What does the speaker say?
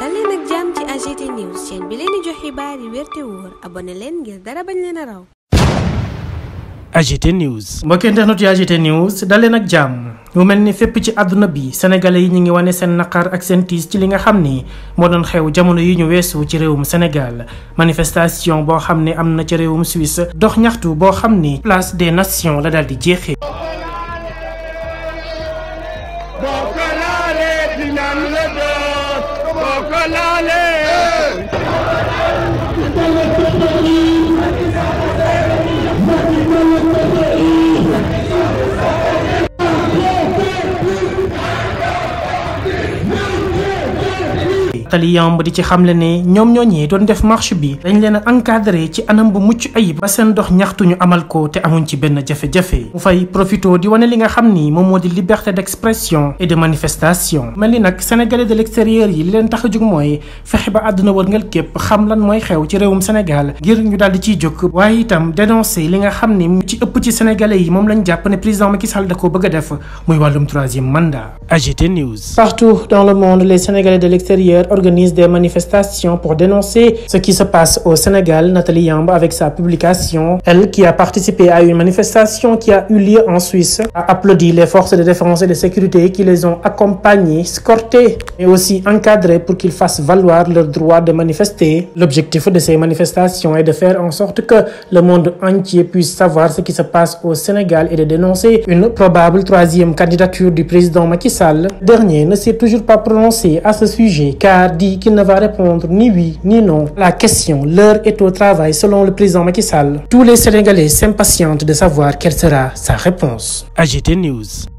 dal leen ak jàmm ci AGT news chaîne bi leen di jox xibaar mu mel ni fépp ci àdduna bi sénégalais yi ñu ngi wane seen naqar ak seen ci li nga xam ni moo doon xew jamono yi ñu weesu ci réewum Sénégal manifestation boo xam ne am na ci réewum Suisse dox ñaxtu boo xam ni place de nations la daal di jeexee. la bi tali yamb di ci xamle ne ñoom ñooñee doon def marche bi dañ leen encadré ci anam bu mucc ayib ba seen dox ñaxtu amal ko te amuñ ci benn jafe-jafe mu fay profito di wane li nga xam ni moom moo di liberté d'expression et de manifestation mel ni nag sénégalais de l'extérieur yi li leen tax a jug mooy fexe ba àdduna wërngal képp xam lan mooy xew ci réewum Sénégal ngir ñu daal di ciy jóg waaye itam dénoncé li nga xam ni ci ëpp ci sénégalais yi moom lañ jàpp ne président Macky Sall da koo bëgg a def muy wàllum troisième mandat AGT News partout dans le monde les sénégalais de organise des manifestations pour dénoncer ce qui se passe au Sénégal. Nathalie Yamb avec sa publication, elle qui a participé à une manifestation qui a eu lieu en Suisse, a applaudi les forces de défense et de sécurité qui les ont accompagnés, scortés pour qu'ils fassent valoir leur droit de manifester. L'objectif de ces manifestations est de faire en sorte que le monde entier puisse savoir ce qui se passe au Sénégal et de dénoncer une probable troisième candidature du président Macky Sall. Dernier ne a dit qu'il ne va répondre ni oui ni non à la question. L'heure est au travail selon le président Macky Sall. Tous les Sénégalais s'impatientent de savoir quelle sera sa réponse. AGT News.